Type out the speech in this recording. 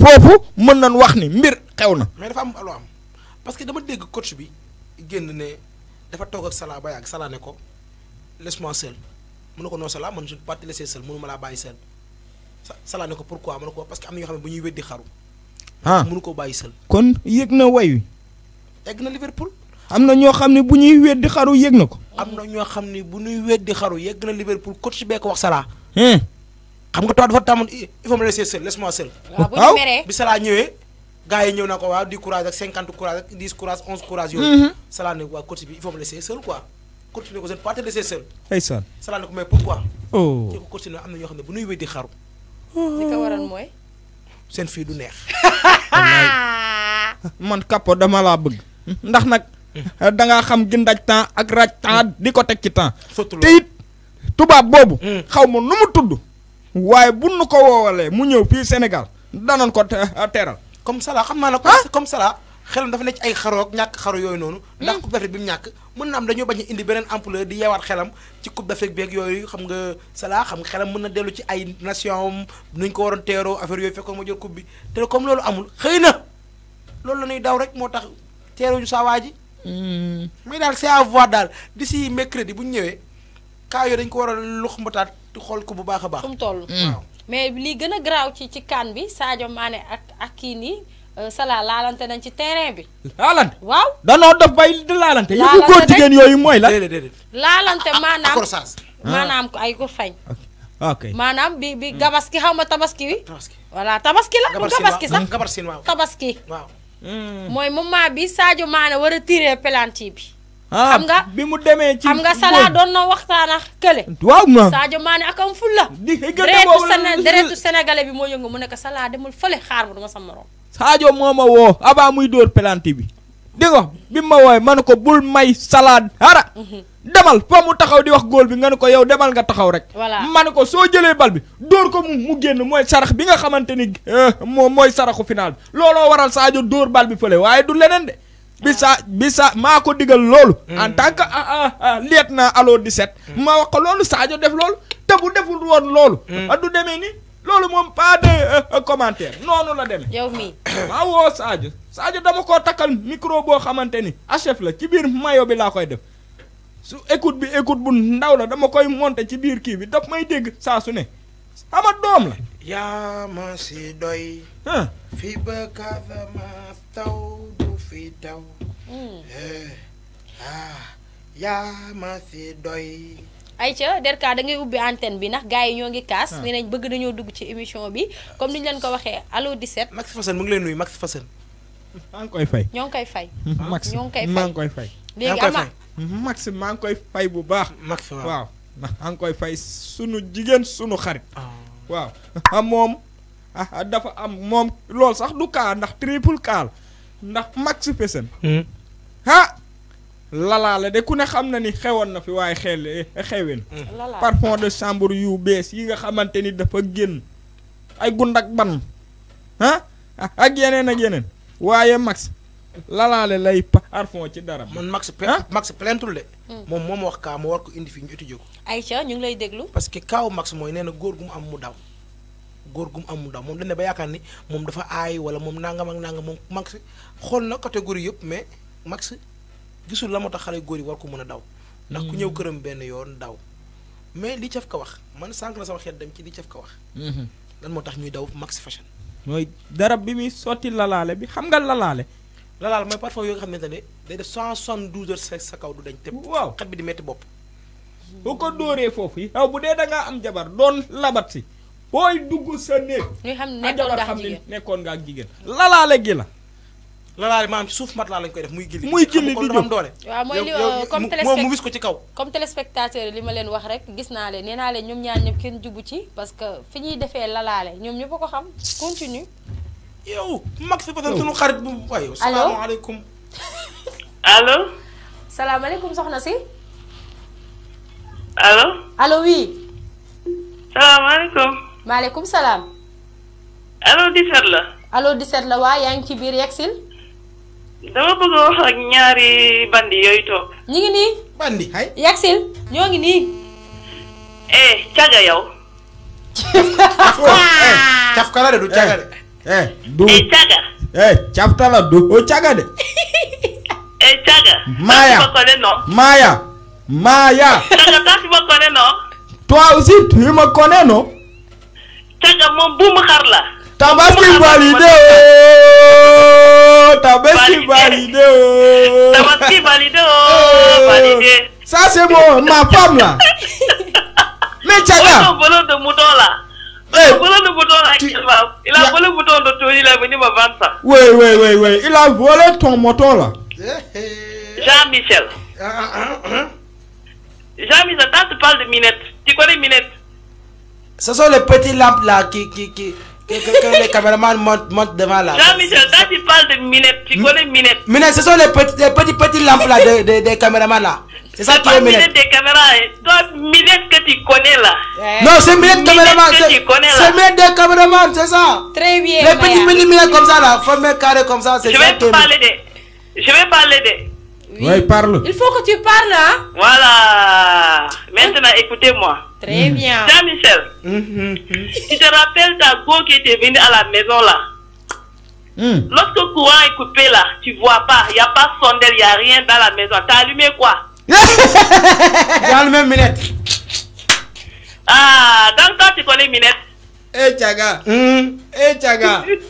foofu mën nañ wax ni mbir xew na. mais dafa am lu am parce que dama dégg coach bi génn ne dafa toog ak salaa ba yàgg salaa ne ko laisse-moi seul na ne ko non Salah man je ne peux pas te laisser seul mënu ma laa bàyyi seul Salah ne ko pourquoi mu ne ko parce que am na ñoo xam ne bu ñuy weddi xaru. ah mënu ko bàyyi seul. kon yëg na way wi. egg na Liverpool. am na ñoo xam ne bu ñuy weddi xaru yëg na ko. am na ñoo xam ne bu ñuy weddi xaru yëg na Liverpool coach bee ko wax salaa xam nga toi dafa tàmmoon il faut me laisser seul laisse moi seul. waaw bi Salah ñëwee. gars yi ñëw naa ko waaw 10 courage ak 50 courage ak 10 courage 11 courage yooyu. Mhm. Salah ne waa coach bi il faut me laisser seul quoi. coach ne ko je ne oh. am na ñoo xam ne bu nuy wéy di xaru. mooy. seen fii du neex. man Capo dama laa bëgg. ndax nag. Hmm. dangaa xam xam gëndaj temps ak raaj temps hmm. di ko teg ci temps. te it tubaab boobu. Hmm. xaw ma nu mu tudd. waaye bu buñ ko woowalee mu ñëw fii Sénégal danoon ko eh, teeral. comme salaa xam naa ne comme ça xelam dafa ci ay xaroog ñàkk xaru yooyu noonu. Hmm. ndax coupe d'Afrique bi ñàkk mën na am dañoo bañ indi beneen ampleur di yeewaat xelam ci coupe d'Afrique beeg yooyu xam nga Salah xam nga xelam mën na dellu ci ay nation am nuñ ko waroon teeroo affaire yooyu fekkoon ma jël coupe bi te comme loolu amul xëy na loolu la ñuy daw rek moo tax teeruñu saa waa ji. muy hmm. daal c'est à voir daal d'ici mercredi bu ñu ñëwee. cas yooyu dañ ko war a lux mbataat xool ko bu baax a baax. fu mu toll. Mm. mais lii gën a garaaw ci ci kaan bi saajo maane ak ak kii nii euh, Salah laalante nañ ci terrain bi. laalante waaw. danoo dof bay di laalante. laalante yëpp góor jigéen yooyu mooy la. déedéet laalante ah, maanaam accorsage. Ah. maanaam ko ay ko fañ. ok maanaam bi bi mm. ki xaw ma tabaski wi. tabaski voilà tabaski la. du gabaski sax gabarsin waaw tabaski. waaw. Mm. mooy maa bi Sadio maane war a tiré penalty bi. Ah, xam nga bi mu demee ci xam nga Salah doon na waxtaan ak kële. waaw ma Sadio Mané ak am fulla. deretu sénégalais bi moo yëngu mu nekk Salah demul fële xaar bu duma sa morom. Sadio moo ma woo muy dóor pelanti bi. di nga bi ma ma ne ko bul may Salah dara. Mhm. demal fa mu taxaw di wax góor bi nga ne ko yow demal nga taxaw rek. voilà ma ne ko soo jëlee bal bi dóor ko mu mu génn mooy sarax bi nga xamante ni eh, moom mooy saraxu final bi looloo waral Sadio dóor bal bi fële waaye du leneen de. bi saa bi saa maa ko digal loolu. Mm. en tant que ah, ah, ah, liet naa allo 17. Mm. ma wax loolu Sadio def loolu te bu deful woon loolu. Mm. du demee ni loolu moom pas de euh, euh, commentaire noonu la demee. yow mii maa dama ko takkal micro boo xamante ni achef la ci biir mayo bi laa koy def su écoute bi écoute bu ndaw la dama koy monter ci biir kii bi daf may dégg saa su ne xama doom la. yaa ma si doy. fi ba Casamance taw. feta mm. eh, ah yaa ma si doy ayca derka da ngay ubbi antenne bi nak gaay yi ñoo ngi kaas ah. ni nañ bëgg dañu dugg ci émission bi comme niñ ñu leen ko waxé allo 17 max fassen mu ngi lay nuy max fassen maa koy fay ñong koy fay max ñong koy fay mang koy fay léegi ama max mang koy fay bu baax max waaw maa koy fay suñu jigen suñu xarit ah. waaw am ah, mom dafa am mom lool sax du ka ndax triple kaal ndax Max Verstappen. Hmm. ah. lalaa de ku ne xam na ni xewoon na fi waaye xel eh, xewin. Hmm. parfum de chambre yu bees yi nga xamante ni dafa génn. ay gund ak ban. ah ak yeneen ak yeneen. waaye Max. lalaale lay parfum ci dara. man Max Max plaintul de. Hmm. moom moo ma wax kaa ma war ko indi fi ñu étudier ko. Aïcha ñu ngi lay déglu. parce que kaaw Max mooy nee na góor gu mu am mu daw. góor gu mu amul ndaw moom dañ ne ba yaakaar ni moom dafa aay wala moom nangam ak nangam moom max xool na catégorie yëpp mais max gisul la moo tax xale góor yi war ko mën a daw. ndax ku hmm. ñëw këram benn yoon daw. mais li caf ka wax man sànq la sama xeet dem ci li caf ka wax. Hmm. lan moo tax ñuy daw max fashion. mooy dara bi muy sotti lalaale bi xam nga lalaale. lalaale mooy parfois yoo nga xamante ne day def cent soixante douze heures sa kaw du dañ. te waaw xet di métti bopp. bu ko dóoree foofu yi. xaw bu dee da am jabar doon labat si. booy dugg sa néeg. ñuy xam ne nekkoon nga ak jigéen lalaale gi la. lalaale maanaam ci suuf mat laa lañ koy def muy gilli muy gilli di jóg doole waaw mooy li euh, comme moom mu wis ko ci kaw comme téléspectateur yi li ma leen wax rek gis naa leen nee naa leen ñoom ñaar ñëpp kenn jubu ci parce que fi ñuy defee lalaale ñoom ñëpp a ko xam continue yow mag fi pasan sunu xarit bu waay yow salaamaaleykum allo salaamaaleykum soxna si allo allo oui salaamaaleykum maaleykum salaam. allo 17 la. allo 17 la waa yaa ngi ci biir yegsil. dama bëgg wax ak ñaari bandi yooyu toog. ñu ngi nii. bandi ay yegsil. ñoo ngi nii. eh caga yow. cafka eh, la de du caga de. Eh, eh du eh caga. eh cafta du caga oh, de. eh caga. maaya maaya maaya. caga tax ma connais non. toi aussi tu caga moom buumu xar la. tabaski validé ooo tabaski validé ooo tabaski validé ooo validé. ça c'est bon ma femme là. mais caga. on a de mouton là. Eh, tu... Il a volé le bouton de tout, il est venu me vendre ça. Oui, oui, oui, oui. Il a volé ton moton là. Jean-Michel. Eh, eh. Ah, ah, ah, Jean-Michel, quand tu parles de minette, tu connais minette Ce sont les petites lampes là qui, qui, qui, que, les caméramans montent, montent devant là. Non michel toi tu parles de minette, tu hmm? connais minette. Minette, ce sont les petites, les petites, lampes là de, de, des caméramans là. C'est ça qui est minette. des caméras, hein. toi, minette que tu connais là. Eh. Non, c'est minette caméraman. C'est minette des caméramans, c'est ça. Très bien. Les petites mini minettes comme ça là, formées carré comme ça, c'est Je vais parler de. Je vais parler de. Oui, parle. Il faut que tu parles, hein. Voilà. Maintenant, écoutez-moi. Très mm. bien. Tiens, Michel, mm-hmm. tu te rappelles ta go qui était venue à la maison là mm. Lorsque le courant est coupé là, tu vois pas, il n'y a pas de sondel, il n'y a rien dans la maison. T'as allumé quoi J'ai le même minette Ah, le temps, tu connais Minette. Eh hey, Tchaga, eh mm. hey,